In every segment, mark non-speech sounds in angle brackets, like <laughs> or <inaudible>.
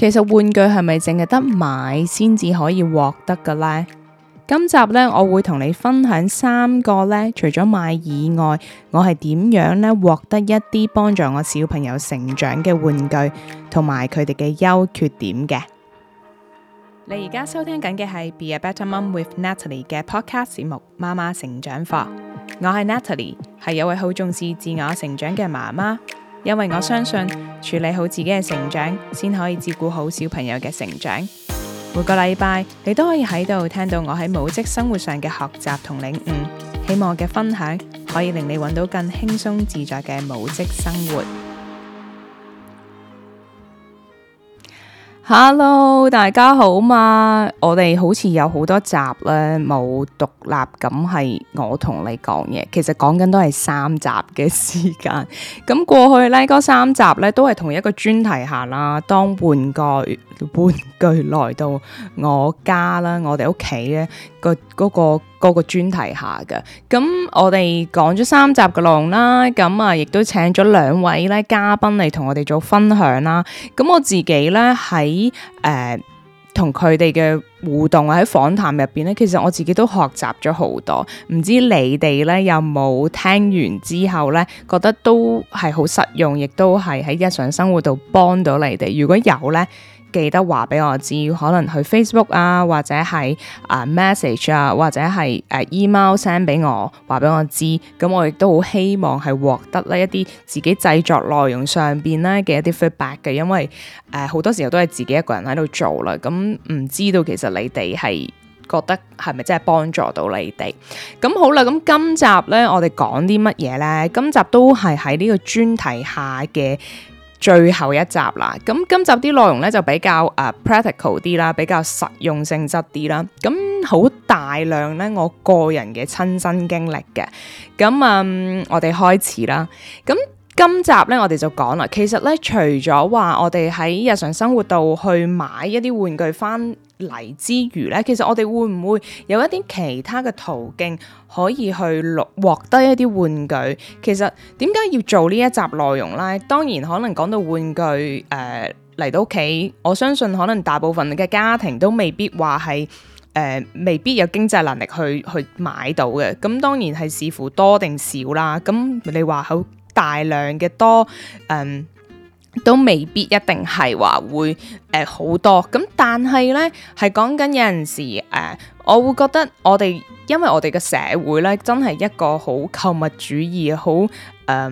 其實玩具係咪淨係得買先至可以獲得嘅呢？今集呢，我會同你分享三個呢。除咗買以外，我係點樣呢？獲得一啲幫助我小朋友成長嘅玩具，同埋佢哋嘅優缺點嘅。你而家收聽緊嘅係《Be a Better Mom with Natalie》嘅 Podcast 節目《媽媽成長課》，我係 Natalie，係有位好重視自我成長嘅媽媽。因為我相信處理好自己嘅成長，先可以照顧好小朋友嘅成長。每個禮拜你都可以喺度聽到我喺母職生活上嘅學習同領悟，希望我嘅分享可以令你搵到更輕鬆自在嘅母職生活。Hello，大家好嘛？我哋好似有好多集咧，冇獨立咁係我同你講嘢，其實講緊都係三集嘅時間。咁過去呢，嗰三集咧都係同一個專題下啦，當玩具玩具來到我家啦，我哋屋企咧。個嗰個嗰個專題下嘅，咁、嗯、我哋講咗三集嘅龍啦，咁啊亦都請咗兩位咧嘉賓嚟同我哋做分享啦。咁、嗯、我自己咧喺誒同佢哋嘅互動喺訪談入邊咧，其實我自己都學習咗好多。唔知你哋咧有冇聽完之後咧，覺得都係好實用，亦都係喺日常生活度幫到你哋。如果有咧，記得話俾我知，可能去 Facebook 啊，或者係啊、uh, message 啊，或者係誒、uh, email send 俾我，話俾我知。咁我亦都好希望係獲得呢一啲自己製作內容上邊咧嘅一啲 feedback 嘅，因為誒、呃、好多時候都係自己一個人喺度做啦，咁唔知道其實你哋係覺得係咪真係幫助到你哋？咁好啦，咁今集咧我哋講啲乜嘢咧？今集都係喺呢個專題下嘅。最後一集啦，咁今集啲內容咧就比較啊、uh, practical 啲啦，比較實用性質啲啦，咁好大量咧我個人嘅親身經歷嘅，咁啊、um, 我哋開始啦，咁。今集咧，我哋就講啦。其實咧，除咗話我哋喺日常生活度去買一啲玩具返嚟之餘咧，其實我哋會唔會有一啲其他嘅途徑可以去獲獲得一啲玩具？其實點解要做呢一集內容咧？當然可能講到玩具誒嚟、呃、到屋企，我相信可能大部分嘅家庭都未必話係誒，未必有經濟能力去去買到嘅。咁當然係視乎多定少啦。咁你話好？大量嘅多，嗯，都未必一定係話會誒好、呃、多咁，但係呢，係講緊有陣時誒、呃，我會覺得我哋因為我哋嘅社會呢，真係一個好購物主義，好誒。呃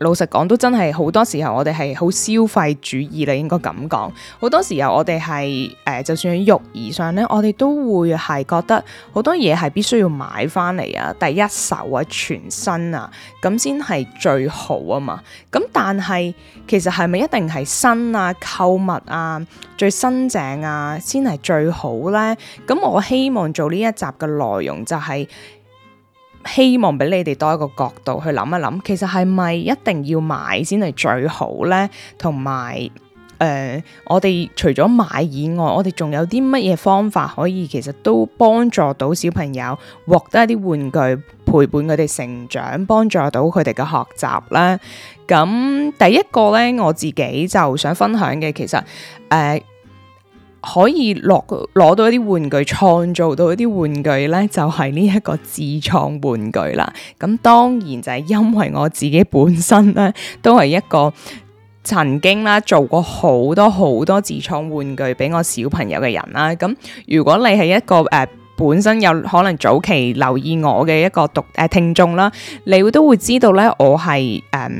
老實講都真係好多時候我哋係好消費主義啦，應該咁講。好多時候我哋係誒，就算喺育兒上咧，我哋都會係覺得好多嘢，係必須要買返嚟啊，第一手啊，全新啊，咁先係最好啊嘛。咁但係其實係咪一定係新啊、購物啊、最新淨啊先係最好咧？咁我希望做呢一集嘅內容就係、是。希望俾你哋多一個角度去諗一諗，其實係咪一定要買先係最好呢？同埋誒，我哋除咗買以外，我哋仲有啲乜嘢方法可以，其實都幫助到小朋友獲得一啲玩具，陪伴佢哋成長，幫助到佢哋嘅學習咧？咁第一個呢，我自己就想分享嘅，其實誒。呃可以落攞到一啲玩具，創造到一啲玩具呢，就係呢一個自創玩具啦。咁當然就係因為我自己本身呢，都係一個曾經啦，做過好多好多自創玩具俾我小朋友嘅人啦。咁如果你係一個誒、呃、本身有可能早期留意我嘅一個讀誒、呃、聽眾啦，你都會知道呢，我係誒。呃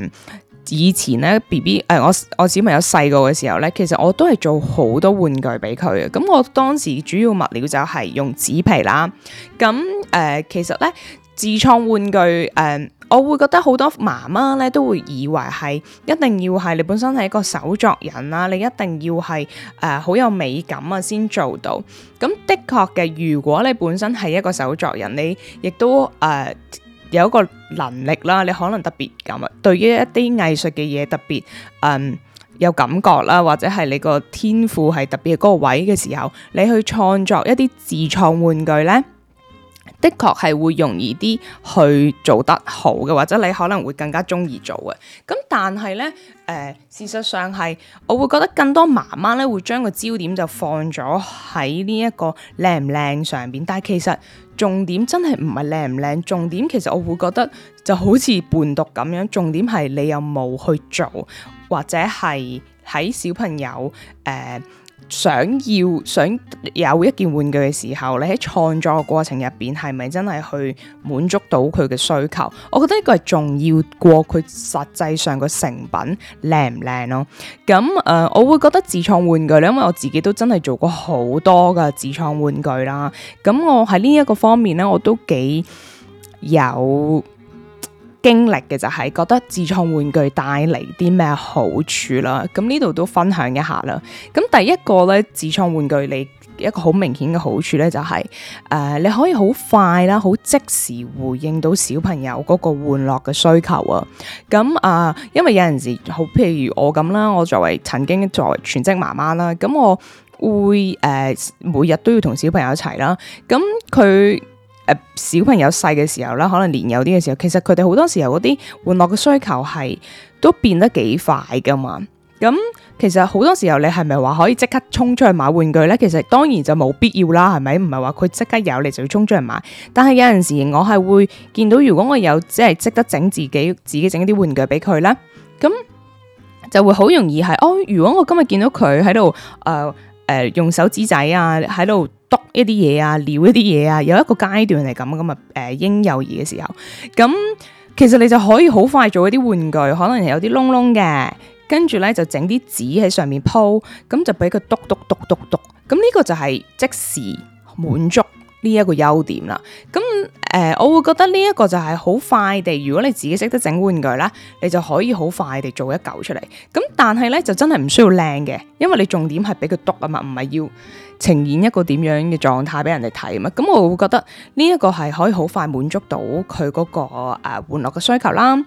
以前咧，BB，誒，我我小朋友細個嘅時候咧，其實我都係做好多玩具俾佢嘅。咁我當時主要物料就係用紙皮啦。咁誒、呃，其實咧自創玩具，誒、呃，我會覺得好多媽媽咧都會以為係一定要係你本身係一個手作人啦，你一定要係誒好有美感啊先做到。咁的確嘅，如果你本身係一個手作人，你亦、呃、都誒。呃有一個能力啦，你可能特別咁啊，對於一啲藝術嘅嘢特別嗯有感覺啦，或者係你個天賦係特別嗰個位嘅時候，你去創作一啲自創玩具呢，的確係會容易啲去做得好嘅，或者你可能會更加中意做嘅。咁但係呢，誒、呃、事實上係，我會覺得更多媽媽呢會將個焦點就放咗喺呢一個靚唔靚上面，但係其實，重點真係唔係靚唔靚，重點其實我會覺得就好似伴讀咁樣，重點係你有冇去做，或者係喺小朋友誒、呃想要想有一件玩具嘅時候，你喺創作嘅過程入邊係咪真係去滿足到佢嘅需求？我覺得呢個係重要過佢實際上個成品靚唔靚咯。咁誒、啊呃，我會覺得自創玩具咧，因為我自己都真係做過好多嘅自創玩具啦。咁我喺呢一個方面咧，我都幾有。經歷嘅就係覺得自創玩具帶嚟啲咩好處啦，咁呢度都分享一下啦。咁第一個咧，自創玩具你一個好明顯嘅好處咧就係、是、誒、呃，你可以好快啦，好即時回應到小朋友嗰個玩樂嘅需求啊。咁啊、呃，因為有陣時好譬如我咁啦，我作為曾經作為全職媽媽啦，咁我會誒、呃、每日都要同小朋友一齊啦，咁佢。呃、小朋友細嘅時候啦，可能年幼啲嘅時候，其實佢哋好多時候嗰啲玩樂嘅需求係都變得幾快㗎嘛。咁、嗯、其實好多時候你係咪話可以即刻衝出去買玩具咧？其實當然就冇必要啦，係咪？唔係話佢即刻有，你就要衝出去買。但係有陣時，我係會見到，如果我有即係值得整自己自己整啲玩具俾佢咧，咁、嗯、就會好容易係哦。如果我今日見到佢喺度誒誒用手指仔啊，喺度。篤一啲嘢啊，撩一啲嘢啊，有一個階段係咁咁啊，誒、嗯，嬰幼兒嘅時候，咁、嗯、其實你就可以好快做一啲玩具，可能有啲窿窿嘅，跟住咧就整啲紙喺上面鋪，咁、嗯、就俾佢篤篤篤篤篤，咁呢、嗯呢個就係即時滿足。嗯呢一個優點啦，咁誒、呃，我會覺得呢一個就係好快地，如果你自己識得整玩具啦，你就可以好快地做一嚿出嚟。咁但係咧，就真係唔需要靚嘅，因為你重點係俾佢篤啊嘛，唔係要呈現一個點樣嘅狀態俾人哋睇啊嘛。咁我會覺得呢一個係可以好快滿足到佢嗰、嗰個、呃、玩樂嘅需求啦。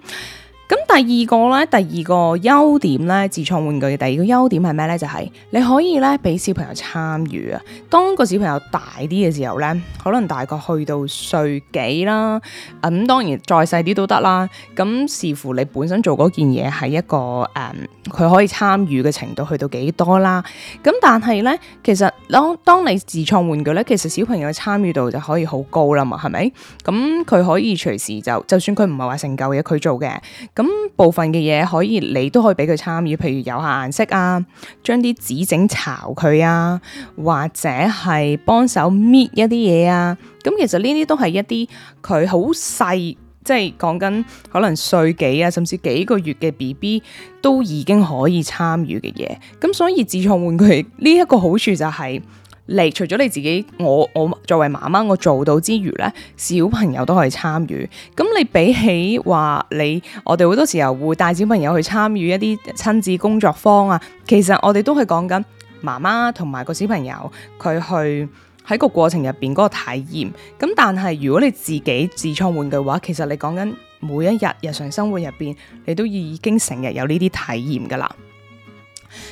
咁第二個咧，第二個優點咧，自創玩具嘅第二個優點係咩咧？就係、是、你可以咧俾小朋友參與啊。當個小朋友大啲嘅時候咧，可能大概去到歲幾啦，咁、嗯、當然再細啲都得啦。咁視乎你本身做嗰件嘢係一個誒，佢、嗯、可以參與嘅程度去到幾多啦。咁但係咧，其實當當你自創玩具咧，其實小朋友參與度就可以好高啦嘛，係咪？咁佢可以隨時就，就算佢唔係話成嚿嘢佢做嘅。咁部分嘅嘢可以，你都可以俾佢參與，譬如有下顏色啊，將啲紙整巢佢啊，或者係幫手搣一啲嘢啊。咁其實呢啲都係一啲佢好細，即係講緊可能歲幾啊，甚至幾個月嘅 BB 都已經可以參與嘅嘢。咁所以自創玩具呢一個好處就係。嚟除咗你自己，我我作為媽媽，我做到之餘咧，小朋友都可以參與。咁你比起話你，我哋好多時候會帶小朋友去參與一啲親子工作坊啊。其實我哋都係講緊媽媽同埋個小朋友佢去喺個過程入邊嗰個體驗。咁但係如果你自己自創玩具嘅話，其實你講緊每一日日常生活入邊，你都已經成日有呢啲體驗㗎喇。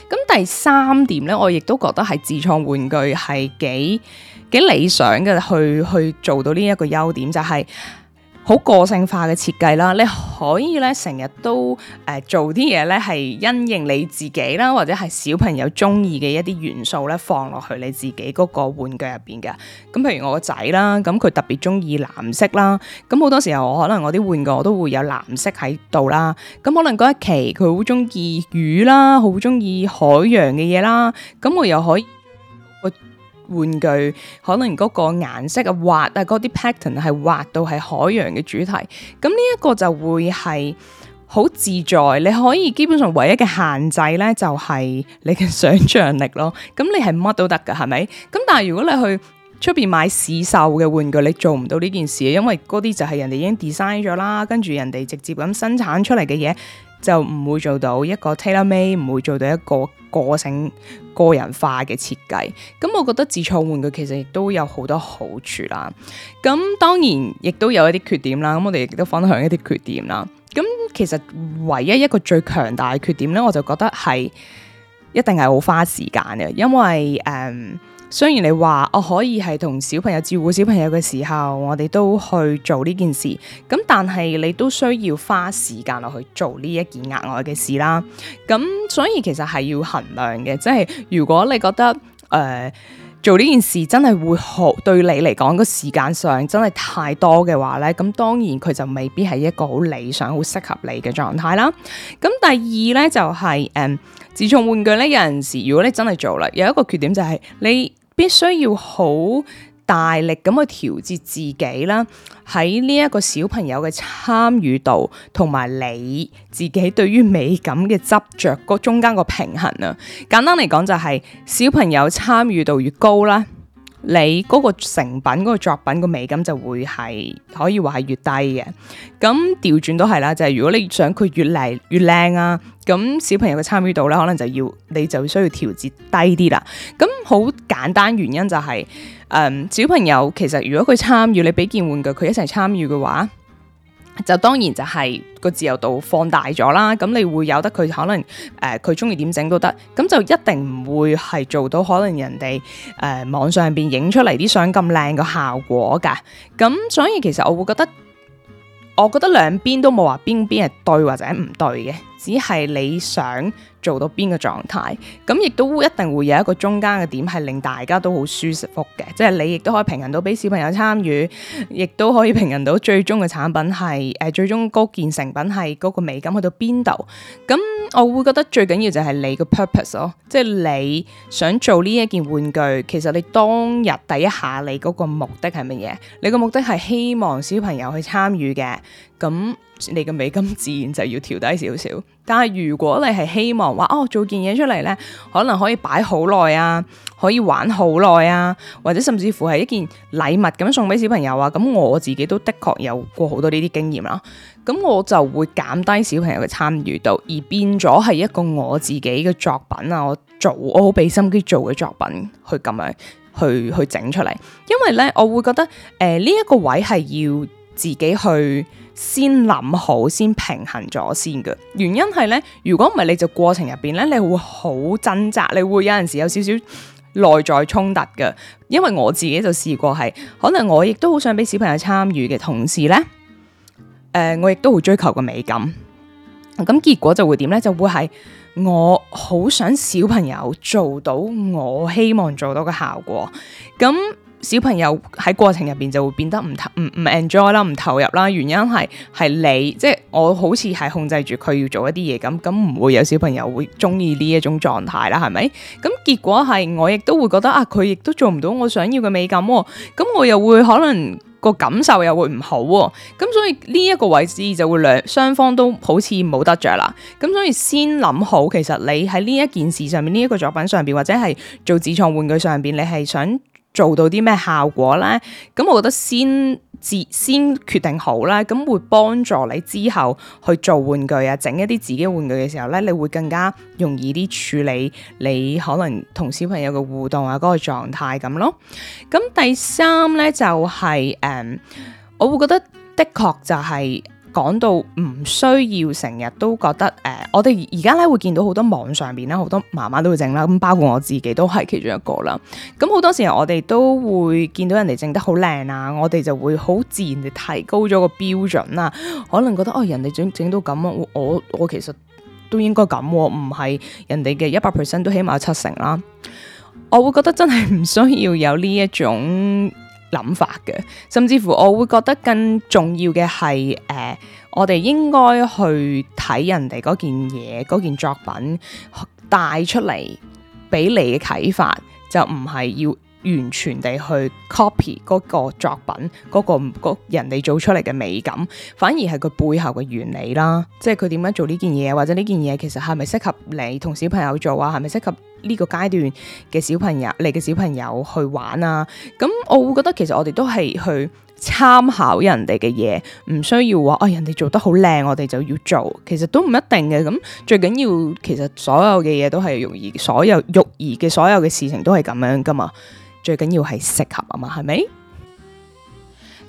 咁第三點咧，我亦都覺得係自創玩具係幾幾理想嘅，去去做到呢一個優點就係、是，好個性化嘅設計啦，你可以咧成日都誒、呃、做啲嘢咧，係因應你自己啦，或者係小朋友中意嘅一啲元素咧放落去你自己嗰個玩具入邊嘅。咁譬如我個仔啦，咁佢特別中意藍色啦，咁好多時候我可能我啲玩具我都會有藍色喺度啦。咁可能嗰一期佢好中意魚啦，好中意海洋嘅嘢啦，咁我又可以。玩具可能嗰個顏色啊、畫啊、嗰啲 pattern 係畫到係海洋嘅主題，咁呢一個就會係好自在，你可以基本上唯一嘅限制呢就係你嘅想像力咯。咁你係乜都得㗎，係咪？咁但係如果你去出邊買市售嘅玩具，你做唔到呢件事，因為嗰啲就係人哋已經 design 咗啦，跟住人哋直接咁生產出嚟嘅嘢。就唔會做到一個 tailor-made，唔會做到一個個性個人化嘅設計。咁我覺得自創玩具其實亦都有好多好處啦。咁當然亦都有一啲缺點啦。咁我哋亦都分享一啲缺點啦。咁其實唯一一個最強大嘅缺點咧，我就覺得係一定係好花時間嘅，因為誒，Um, 雖然你話我可以係同小朋友照顧小朋友嘅時候，我哋都去做呢件事，咁但係你都需要花時間落去做呢一件額外嘅事啦。咁、嗯、所以其實係要衡量嘅，即係如果你覺得誒、呃、做呢件事真係會好對你嚟講個時間上真係太多嘅話咧，咁、嗯、當然佢就未必係一個好理想、好適合你嘅狀態啦。咁、嗯、第二咧就係、是、誒、呃、自創玩具咧，有陣時如果你真係做啦，有一個缺點就係你。必須要好大力咁去調節自己啦，喺呢一個小朋友嘅參與度同埋你自己對於美感嘅執着個中間個平衡啊。簡單嚟講就係、是、小朋友參與度越高啦。你嗰個成品嗰、嗰個作品個美感就會係可以話係越低嘅，咁調轉都係啦，就係、係、如果你想佢越嚟越靚啦、啊，咁小朋友嘅參與度咧，可能就要你就需要調節低啲啦。咁好簡單原因就係、係，誒、嗯、小朋友其實如果佢參與，你俾件玩具佢一齊參與嘅話。就當然就係個自由度放大咗啦，咁你會由得佢可能誒佢鍾意點整都得，咁就一定唔會係做到可能人哋誒、呃、網上邊影出嚟啲相咁靚嘅效果㗎，咁所以其實我會覺得，我覺得兩邊都冇話邊邊係對或者唔對嘅。只係你想做到邊個狀態，咁亦都一定會有一個中間嘅點，係令大家都好舒服嘅，即係你亦都可以平衡到俾小朋友參與，亦都可以平衡到最終嘅產品係，誒、呃、最終嗰件成品係嗰個美感去到邊度。咁我會覺得最緊要就係你嘅 purpose 咯，即係你想做呢一件玩具，其實你當日第一下你嗰個目的係乜嘢？你個目的係希望小朋友去參與嘅。咁你嘅美金自然就要調低少少。但係如果你係希望話哦做件嘢出嚟呢，可能可以擺好耐啊，可以玩好耐啊，或者甚至乎係一件禮物咁送俾小朋友啊。咁我自己都的確有過好多呢啲經驗啦。咁我就會減低小朋友嘅參與度，而變咗係一個我自己嘅作品啊。我做我好俾心機做嘅作品去咁樣去去整出嚟，因為呢，我會覺得誒呢一個位係要自己去。先諗好，先平衡咗先嘅原因係咧，如果唔係你就過程入邊咧，你會好掙扎，你會有陣時有少少內在衝突嘅。因為我自己就試過係，可能我亦都好想俾小朋友參與嘅，同時咧，誒，我亦都會追求個美感，咁結果就會點咧？就會係我好想小朋友做到我希望做到嘅效果，咁。小朋友喺過程入邊就會變得唔唔唔 enjoy 啦，唔投入啦。原因係係你即係、就是、我好似係控制住佢要做一啲嘢咁，咁唔會有小朋友會鍾意呢一種狀態啦，係咪？咁結果係我亦都會覺得啊，佢亦都做唔到我想要嘅美感喎，咁我又會可能個感受又會唔好喎，咁所以呢一個位置就會兩雙方都好似冇得着啦。咁所以先諗好，其實你喺呢一件事上面，呢、這、一個作品上邊，或者係做自創玩具上邊，你係想，做到啲咩效果咧？咁我覺得先自先決定好啦，咁會幫助你之後去做玩具啊，整一啲自己玩具嘅時候咧，你會更加容易啲處理你可能同小朋友嘅互動啊，嗰個狀態咁咯。咁第三咧就係誒，我會覺得的確就係。講到唔需要成日都覺得誒、呃，我哋而家咧會見到好多網上邊啦，好多媽媽都會整啦，咁包括我自己都係其中一個啦。咁好多時候我哋都會見到人哋整得好靚啊，我哋就會好自然地提高咗個標準啦。可能覺得哦、呃，人哋整整到咁，我我其實都應該咁喎，唔係人哋嘅一百 percent 都起碼有七成啦。我會覺得真係唔需要有呢一種諗法嘅，甚至乎我會覺得更重要嘅係，誒、呃，我哋應該去睇人哋嗰件嘢、嗰件作品帶出嚟俾你嘅啟發，就唔係要完全地去 copy 嗰個作品、嗰、嗰個嗰個人哋做出嚟嘅美感，反而係佢背後嘅原理啦，即係佢點樣做呢件嘢，或者呢件嘢其實係咪適合你同小朋友做啊？係咪適合？呢個階段嘅小朋友，你嘅小朋友去玩啊，咁我會覺得其實我哋都係去參考人哋嘅嘢，唔需要話啊、哦、人哋做得好靚，我哋就要做，其實都唔一定嘅。咁最緊要其實所有嘅嘢都係容易，所有育兒嘅所有嘅事情都係咁樣㗎嘛，最緊要係適合啊嘛，係咪？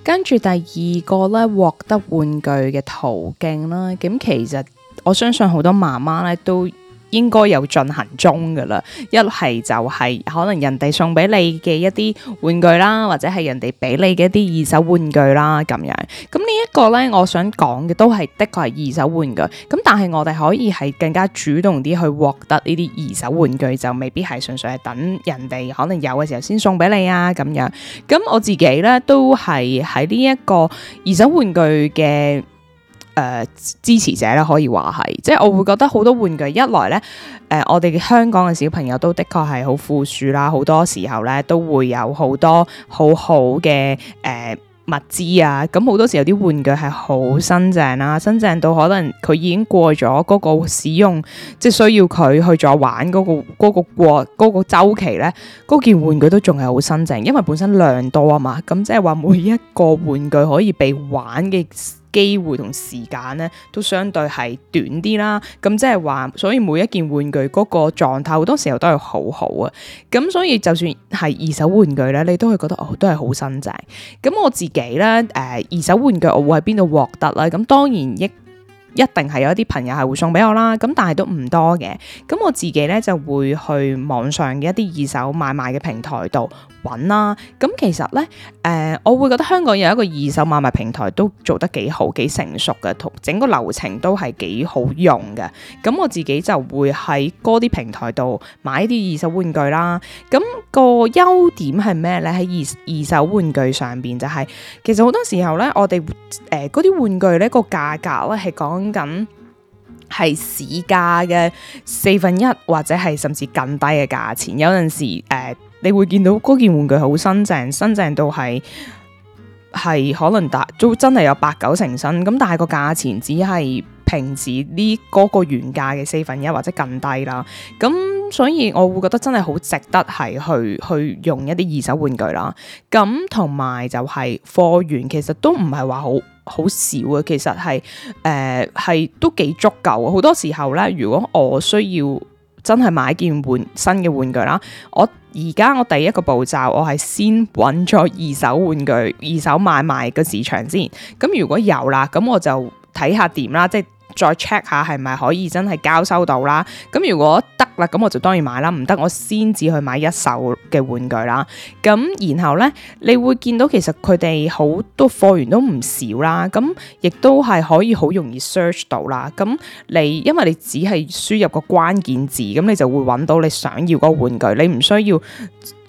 跟住第二個咧，獲得玩具嘅途徑啦，咁其實我相信好多媽媽咧都應該有進行中噶啦，一係就係可能人哋送俾你嘅一啲玩具啦，或者係人哋俾你嘅一啲二手玩具啦咁樣。咁呢一個呢，我想講嘅都係的確係二手玩具。咁但係我哋可以係更加主動啲去獲得呢啲二手玩具，就未必係純粹係等人哋可能有嘅時候先送俾你啊咁樣。咁、嗯、我自己呢，都係喺呢一個二手玩具嘅。誒、呃、支持者咧，可以話係，即係我會覺得好多玩具一來呢，誒、呃、我哋香港嘅小朋友都的確係好富庶啦，好多時候呢都會有好多好好嘅誒物資啊，咁好多時候啲玩具係好新淨啦、啊，新淨到可能佢已經過咗嗰個使用，即係需要佢去再玩嗰個、嗰個過、嗰個週期呢。嗰件玩具都仲係好新淨，因為本身量多啊嘛，咁即係話每一個玩具可以被玩嘅機會同時間咧都相對係短啲啦，咁即係話，所以每一件玩具嗰個狀態好多時候都係好好啊，咁所以就算係二手玩具咧，你都會覺得哦都係好新仔淨。咁我自己咧，誒、呃，二手玩具我會喺邊度獲得咧？咁當然亦一定係有一啲朋友係會送俾我啦，咁但係都唔多嘅。咁我自己咧就會去網上嘅一啲二手買賣嘅平台度搵啦，咁、嗯、其實咧，誒、呃，我會覺得香港有一個二手買賣平台都做得幾好，幾成熟嘅，同整個流程都係幾好用嘅。咁、嗯、我自己就會喺嗰啲平台度買啲二手玩具啦。咁、嗯，個優點係咩咧？喺二二手玩具上邊就係、是，其實好多時候咧，我哋誒嗰啲玩具咧個價格咧係講緊。係市價嘅四、呃那個、四分一或者係甚至更低嘅價錢，有陣時誒你會見到嗰件玩具好新淨，新淨到係係可能達都真係有八九成新咁，但係個價錢只係平時呢嗰個原價嘅四分一或者更低啦。咁所以我會覺得真係好值得係去去用一啲二手玩具啦。咁同埋就係、是、貨源其實都唔係話好。好少啊，其實係誒係都幾足夠。好多時候咧，如果我需要真係買件換新嘅玩具啦，我而家我第一個步驟，我係先揾咗二手玩具，二手買賣嘅市場先。咁如果有啦，咁我就睇下點啦，即係。再 check 下係咪可以真係交收到啦？咁如果得啦，咁我就當然買啦。唔得，我先至去買一手嘅玩具啦。咁然後呢，你會見到其實佢哋好多貨源都唔少啦。咁亦都係可以好容易 search 到啦。咁你因為你只係輸入個關鍵字，咁你就會揾到你想要嗰個玩具，你唔需要。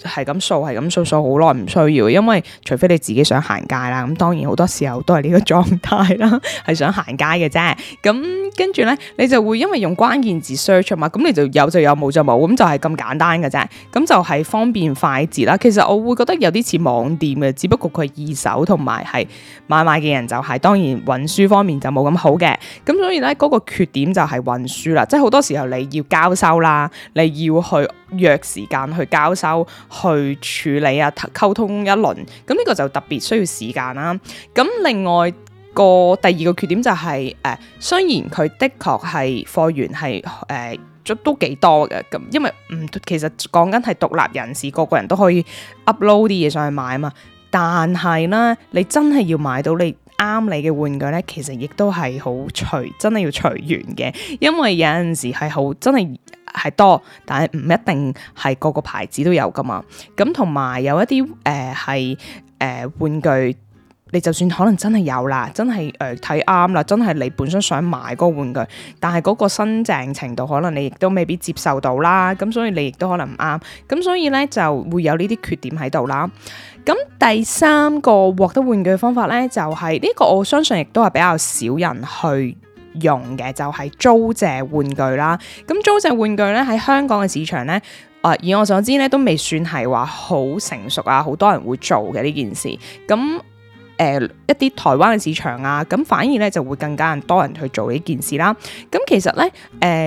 係咁掃，係咁掃掃好耐，唔需要，因為除非你自己想行街啦，咁當然好多時候都係呢個狀態啦，係 <laughs> 想行街嘅啫。咁跟住咧，你就會因為用關鍵字 search 嘛，咁、嗯、你就有就有，冇就冇，咁、嗯、就係、是、咁簡單嘅啫。咁、嗯、就係、是、方便快捷啦。其實我會覺得有啲似網店嘅，只不過佢二手同埋係買賣嘅人就係、是、當然運輸方面就冇咁好嘅。咁、嗯、所以咧嗰、那個缺點就係運輸啦，即係好多時候你要交收啦，你要去。約時間去交收、去處理啊、溝通一輪，咁呢個就特別需要時間啦。咁另外個第二個缺點就係、是，誒、呃，雖然佢的確係貨源係誒，都都幾多嘅。咁因為唔其實講緊係獨立人士，個個人都可以 upload 啲嘢上去買嘛。但係呢，你真係要買到你啱你嘅玩具呢，其實亦都係好隨，真係要隨緣嘅，因為有陣時係好真係。係多，但係唔一定係個個牌子都有噶嘛。咁同埋有一啲，誒、呃、係，誒、呃、玩具，你就算可能真係有啦，真係誒睇啱啦，真係你本身想買嗰個玩具，但係嗰個新淨程度可能你亦都未必接受到啦。咁所以你亦都可能唔啱。咁所以咧，就會有呢啲缺點喺度啦。咁第三個獲得玩具嘅方法咧，就係、是、呢、這個我相信亦都係比較少人去。用嘅就係租借玩具啦，咁租借玩具咧喺香港嘅市場咧，啊、呃、以我所知咧都未算係話好成熟啊，好多人會做嘅呢件事。咁誒、呃、一啲台灣嘅市場啊，咁反而咧就會更加多人去做呢件事啦。咁其實咧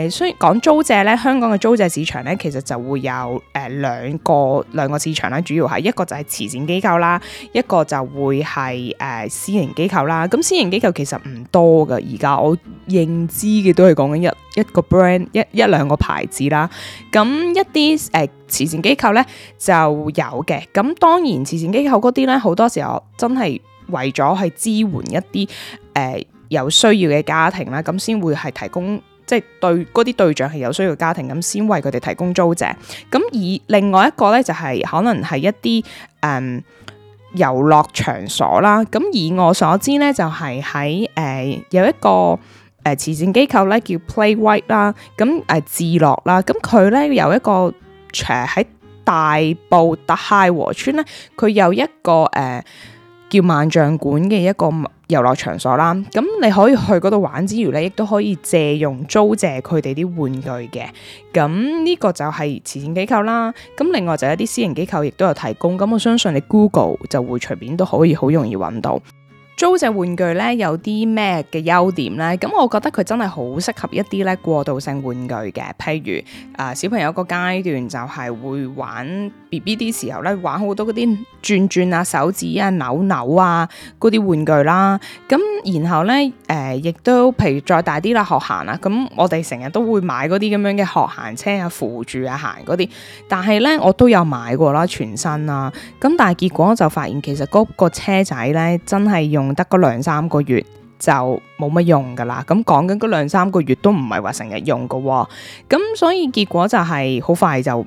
誒，雖然講租借咧，香港嘅租借市場咧，其實就會有誒兩、呃、個兩個市場啦，主要係一個就係慈善機構啦，一個就會係誒私營機構啦。咁私營機構其實唔多㗎，而家我，認知嘅都係講緊一一個 brand 一一兩個牌子啦。咁一啲誒、呃、慈善機構咧就有嘅。咁當然慈善機構嗰啲咧好多時候真係為咗去支援一啲誒、呃、有需要嘅家庭啦。咁先會係提供即係、就是、對嗰啲對象係有需要嘅家庭咁先為佢哋提供租借。咁而另外一個咧就係、是、可能係一啲誒、呃、遊樂場所啦。咁以我所知咧就係喺誒有一個。誒慈善機構咧叫 Playright 啦，咁誒智樂啦，咁佢咧有一個誒喺大埔嘅太和村咧，佢有一個誒、呃、叫萬象館嘅一個遊樂場所啦，咁、嗯、你可以去嗰度玩之餘咧，亦都可以借用租借佢哋啲玩具嘅，咁呢、嗯這個就係慈善機構啦，咁、嗯、另外就有啲私營機構亦都有提供，咁、嗯、我相信你 Google 就會隨便都可以好容易揾到。租隻玩具咧，有啲咩嘅優點咧？咁我覺得佢真係好適合一啲咧過渡性玩具嘅，譬如啊、呃、小朋友個階段就係會玩 B B 啲時候咧，玩好多嗰啲轉轉啊、手指啊、扭扭啊嗰啲玩具啦。咁然後咧，誒、呃、亦都譬如再大啲啦，學行啊。咁我哋成日都會買嗰啲咁樣嘅學行車啊、扶住啊行嗰啲。但係咧，我都有買過啦，全新啊。咁但係結果就發現，其實嗰、嗰個嗰個車仔咧，真係用，得嗰兩三個月就冇乜用噶啦。咁講緊嗰兩三個月都唔係話成日用噶，哦、咁、嗯、所以結果就係好快就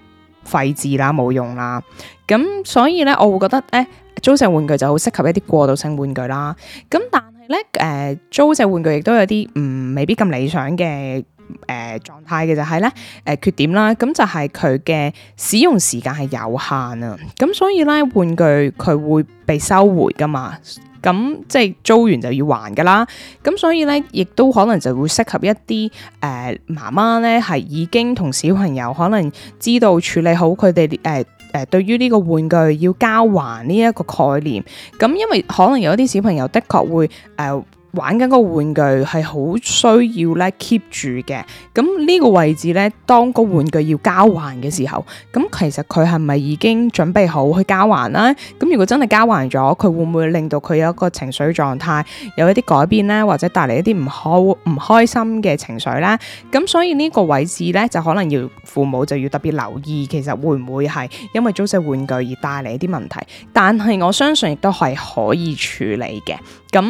廢置啦，冇用啦。咁、嗯、所以咧，我會覺得咧，租借玩具就好適合一啲過渡性玩具啦。咁、嗯、但係咧，誒、呃、租借玩具亦都有啲唔、嗯、未必咁理想嘅誒狀態嘅就係咧，誒缺點啦。咁、嗯、就係佢嘅使用時間係有限啊。咁、嗯、所以咧，玩具佢會被收回噶嘛。咁即係租完就要還㗎啦，咁所以咧亦都可能就會適合一啲誒媽媽咧，係、呃、已經同小朋友可能知道處理好佢哋誒誒對於呢個玩具要交還呢一個概念。咁因為可能有啲小朋友的確會誒。呃玩緊個玩具係好需要咧 keep 住嘅，咁呢個位置咧，當個玩具要交還嘅時候，咁其實佢係咪已經準備好去交還啦？咁如果真係交還咗，佢會唔會令到佢有一個情緒狀態有一啲改變咧，或者帶嚟一啲唔開唔開心嘅情緒咧？咁所以呢個位置咧，就可能要父母就要特別留意，其實會唔會係因為租借玩具而帶嚟一啲問題？但係我相信亦都係可以處理嘅，咁。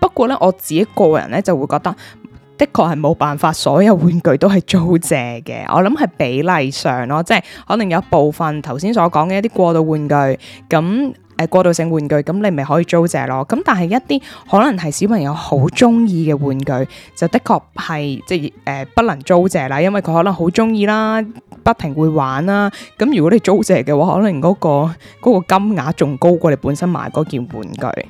不過咧，我自己個人咧就會覺得，的確係冇辦法所有玩具都係租借嘅。我諗係比例上咯，即係可能有一部分頭先所講嘅一啲過度玩具，咁誒、呃、過渡性玩具，咁你咪可以租借咯。咁但係一啲可能係小朋友好中意嘅玩具，就的確係即係誒、呃、不能租借啦，因為佢可能好中意啦，不停會玩啦。咁如果你租借嘅話，可能嗰個嗰個金額仲高過你本身買嗰件玩具。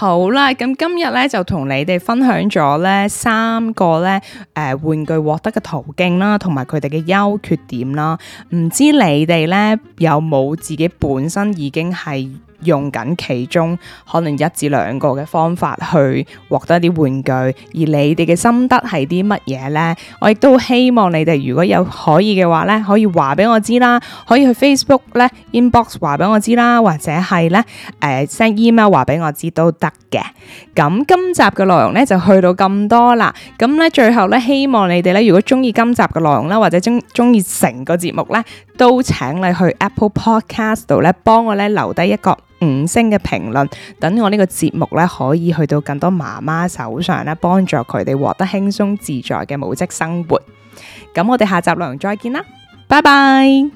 好啦，咁今日呢，就同你哋分享咗呢三個呢、呃、玩具獲得嘅途徑啦，同埋佢哋嘅優缺點啦。唔知你哋呢，有冇自己本身已經係用緊其中可能一至兩個嘅方法去獲得一啲玩具，而你哋嘅心得係啲乜嘢呢？我亦都希望你哋如果有可以嘅話咧，可以話俾我知啦，可以去 Facebook 咧 inbox 話俾我知啦，或者係咧誒 send、呃、email 話俾我知都得。嘅咁，今集嘅內容呢就去到咁多啦。咁呢最後呢，希望你哋呢如果中意今集嘅內容啦，或者中中意成個節目呢，都請你去 Apple Podcast 度呢幫我呢留低一個五星嘅評論，等我呢個節目呢可以去到更多媽媽手上呢，幫助佢哋獲得輕鬆自在嘅母職生活。咁我哋下集內容再見啦，拜拜。